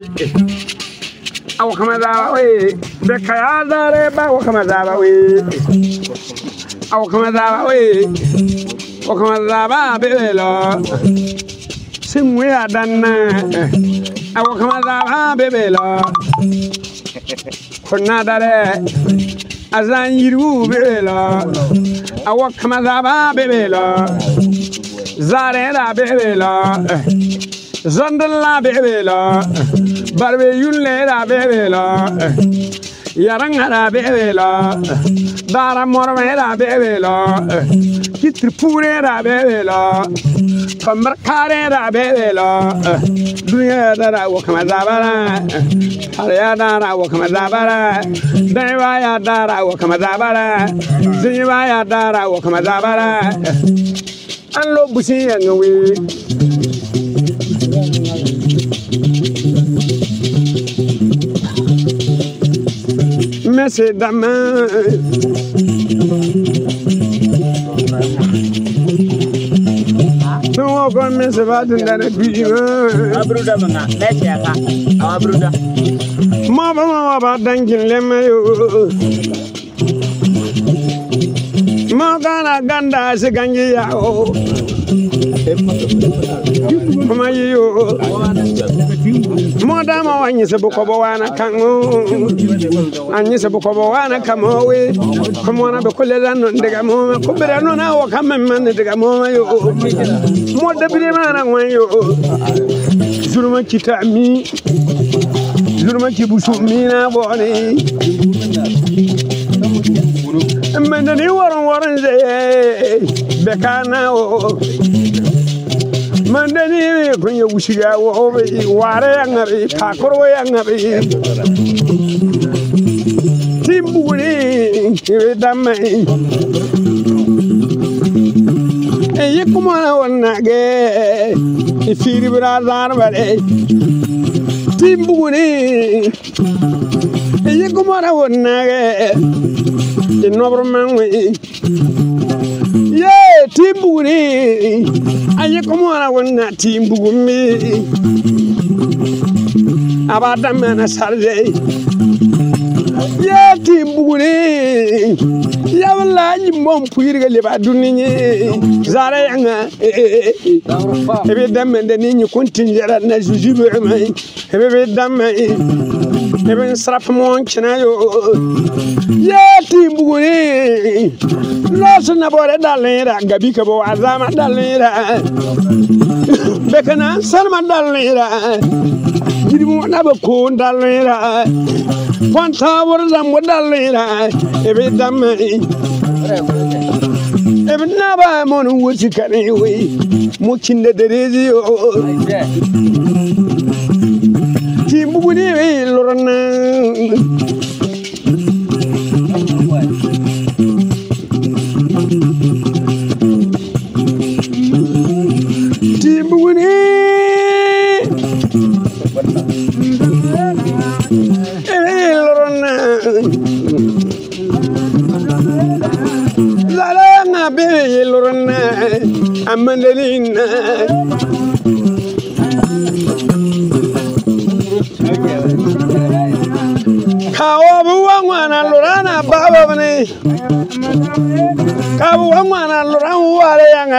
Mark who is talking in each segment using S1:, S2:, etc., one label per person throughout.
S1: အခမာပလစမွေအတအခမာပလခနာတအရပအခမာပလစရပလ။ Zandala bebela barbe yunle da bebela yaranga da bebela dara morme da bebela kitripure da bebela kamar kare da bebela dunya da da wakama zabara harya da da wakama zabara daiwa ya da da wakama zabara ya da da wakama zabara an mẹ́sẹ̀ dàmẹ́. Bí wọ́n kọ́ mẹ́sẹ̀ bá ti dára bí i mọ́. Abúrúdà mọ̀ nà mẹ́sẹ̀ àká àwọn abúrúdà. Mọ́ bá wọn wà bá dáńgìn lẹ́mẹ́ yòó. Mọ́ kàrà yà ó. kuma yiyo mo dama wa nyise bu ko bo wana kango an nyise bu ko bo wana kamo we kuma na be kulle lan non daga mo ko be ran non awo kam men man daga mo yo mo de bi ma ran wa yo zurma ki ta mi zurma ki bu su mi na bo ni men ni waron waron zeye bekana o oh, oh, oh. mandani kunya ushiga o eh, ware yangabe eh, pakoro eh, yangabe timburi kidamme eye kumana wonnage ifiri birazan bare timburi eye kumana wonnage inobro manwe timbugure aye komora wonna timbugumi abadamana sarje ya timbugure ya wallahi mom puyirga leba dunni zara yanga eh, eh, eh, ebe damme de ni kuntin jara na jujubu mai ebe damme ne bin sarrafa mon kina yo ya timbugune los na bore dalera gabi ka bo azama dalera bekana salma dalera jidimu na ba ko dalera kwanta warda mu dalera ebe damme ebe na ba mon wuci kane we mu kin da dare budi lorana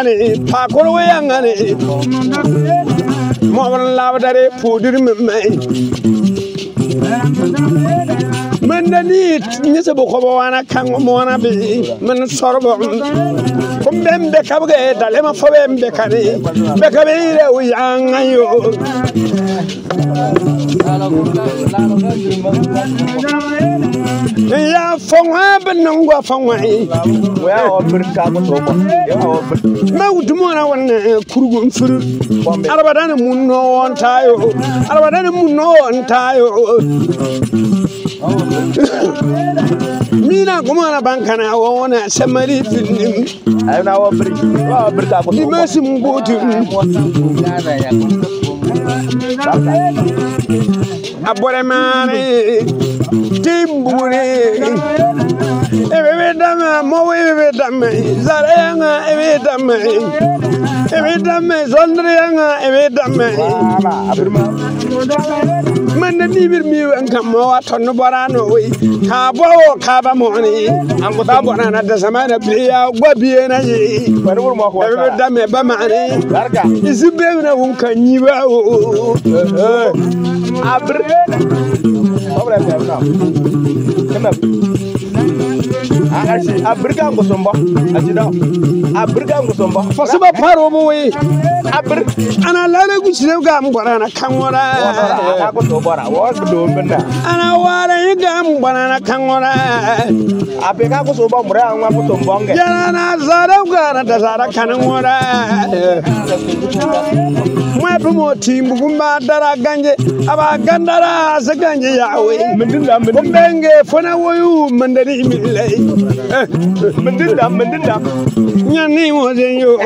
S1: ngani eh, pakoro we ngani eh. mo ban labdare nali nyese bo ko wana kan mo wana be men sorbo ko bembe kabge dale ma fobe mbe kare be kabe ile u yanga yo ya fonwa benungwa fonwa wa ofir ka mo to ko ya ofir ma udumona wonne kurugo mfur arabadana munno on tayo arabadana munno on tayo mina ngumwana bangana wona semali dimesi mbuti abore mari timbuni ibibidame mowi ibibidame zareyanga ibidame ibidame zondriyanga ibidame man ni bir mi an kam ma wa ton borano oi ka bo ka ba mo ni an ko ta borana da zamana biya gwabiye na yi bari wur ko ta da me ba ma ni larga isi be na hun kan yi ba o abre Obrigado, akati abirika ngosomba achida abirika ngosomba fasiba pharo muwe abir ana lane kuchine ka mbwana na kangora ana kuzobora wa kudombenda ana wara yiga mbwana na kangora apeka kuzoba mura anwa kutombonge yana na zara ngana tazara kanngora mwepe motimbu kumadara ganje aba gandara se ganje yawe mndinda mndinda kumbenge fona woyu mndani milei Mình đứng đập, mình đứng đập. Nhanh đi mua gì vô.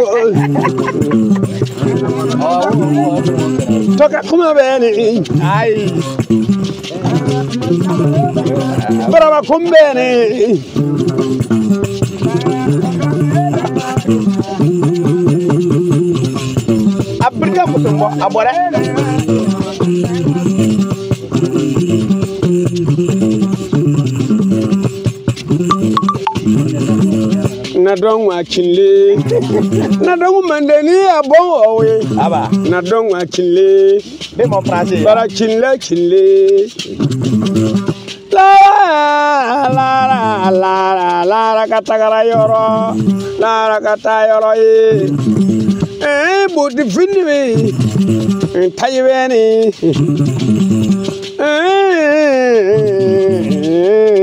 S1: Cho các không bè này. Ai. Bara na dɔn ŋmaa kinle na dɔn mandani a bɔn ɔwe aba na dɔn ŋmaa kinle bara kinle kinle laara laara laara laara ka tagara yɔrɔ laara ka taa yɔrɔ ye ɛɛ eh, bodi fini bɛ yen tayi bɛ ni ɛɛ. Eh, eh,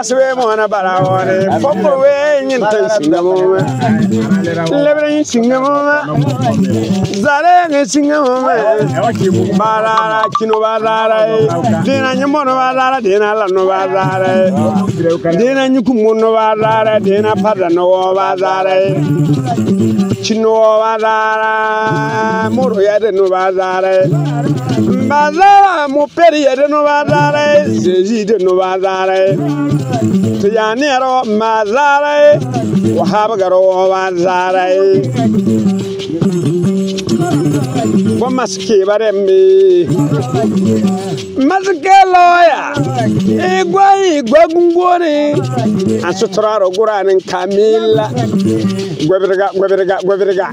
S1: asi bɛ mɔna bala wɔre fɔpɔ bɛ ɲin tɛ sigamɔ mɛ lɛbɛrɛ ɲin sigamɔ mɛ zare ɲin sigamɔ mɛ baarara kino baarara ye dina ɲin mɔnɔ baarara dina lanɔ baarara ye dina ɲin kunkunnɔ baarara dina padanɔ wɔ baarara ye. chino badara moro yade no badare badara mo peri yade no badare zeji de no badare tiyani ro madare wahab garo w'amasikibareme mazike lɔya igwa igwa gungore an suturaro guranin kamila gwabirga gwabirga gwabirga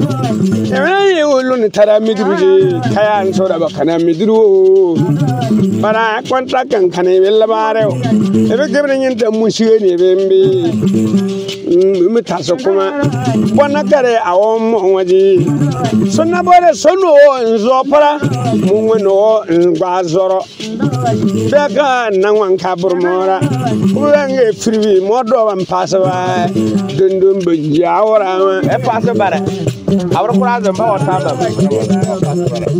S1: emeyi ulun tara midruje kayan sora bakana midru para kwanta kan kane bella bare ebe gebrin yin da mushiye ne mi ta kuma kare a wani suna bore sunu o in zo fara mun wani o in gba zoro bɛɛ ka na ŋman ka buri mɔra wɛn ba wa taa ba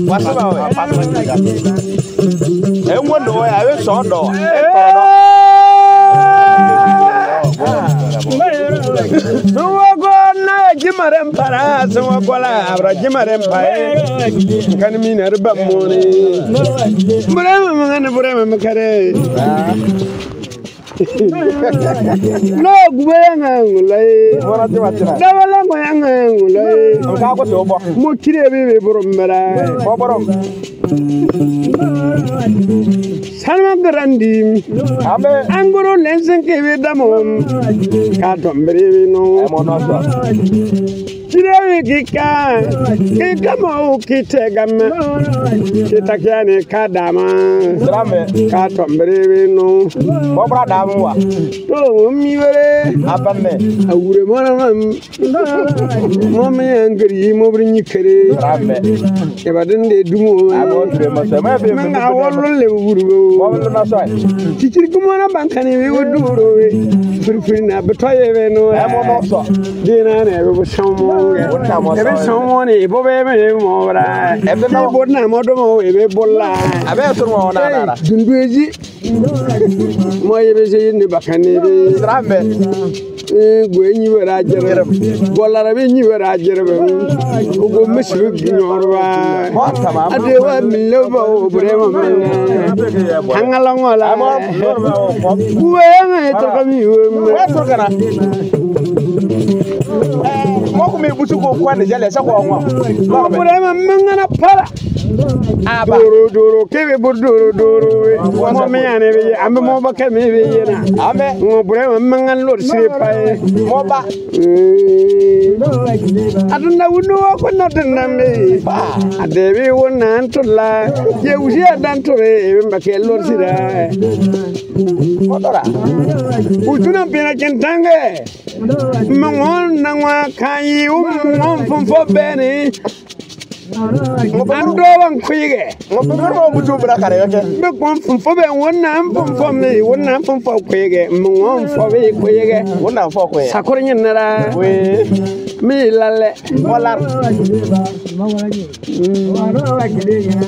S1: wasu ba wɛ ɛ n ko dɔgɔ a bɛ wakona jimare mpara se wakola abra jimare mpae kani mina riba mone mbre mme mngane mbre mme mkare No, ya ṅaṅụla ye dawala ṅwa ya ṅaṅụla ye mokiri ebe ibe bụrụ mmara salma garandim angoro lensen ka ibe damom ka dɔmbiri ibe nɔ kiremi kika kikama ukitegama kitakiani kadama katombirivinu bobra damuwa tolomumiwere apame awure monama momiye ngeri mobri nyikere kebadinde dumo menga wollole wuruwo kicirikimona bankani wiwo dumorowe furfurina betoyeveno dinanebe busomo i someone ebo be no na do mo ebe bolla na eji se be trambe gwe nyi nyi wa o to kami kuma yi busu ko kwan jale sa ko wa. Ko bure ma mangana para doro doro kebe bur doro doro we mo me ane be ambe mo ba kemi be yena ambe mo bure mo mangan lor sire pae mo ba aduna wuno ko na dinna me ba adebi wona antulla ye usi adantore e. be mbake lor sira odora utuna pina kentange mo ngon na wa kai um ngon fon fo bene an doban kuige ngopumurmo mutu bra kare yake be kon funfo be wonnan funfo me wonnan funfo kuige mungon fo be kuige wonnan fo kuige sakore nyenara we mi lalle wala wala mm. wala wala wala wala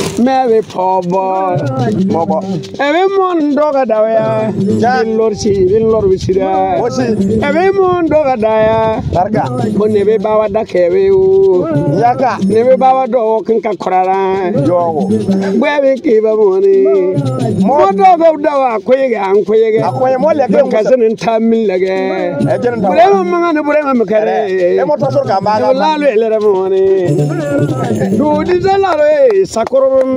S1: Mary Papa, Papa. Everyone dog a dia, Jan Lorsi, Vin Lorvisira. da. Every Everyone dog a dia, Larga, Mo nebe bawa da Kevu, Yaka, never Baba dog and Kakura, Jogo. Where we give a money. More dog of Dawa, Quega, and Quega, Aquamola, Cousin and Tamil again. Whatever man, whatever Macare, Emotor eh, Kamala, Lala, Leremone. Do eh, this eh, a lot, Sakura.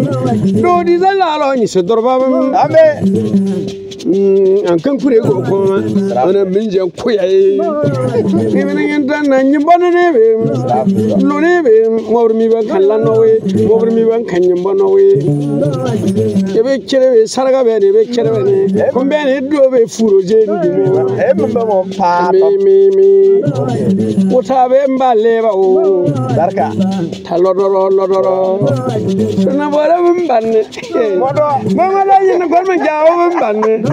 S1: dodi zala alo ni se dorba ambe Mm, an kan kure ko kuma ana min jan kuyaye ibn yantan na nyimbana ne be lo ne be mawr ban kan we mawr ban kan we ebe kere be sarga be ne be kere be ne kun ne do be furo je ni dumo e mun be mo pa mi mi mi uta be mballe ba o barka talodoro lodoro na bora mun modo mama la yin gormen jawo mun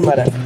S1: cámara.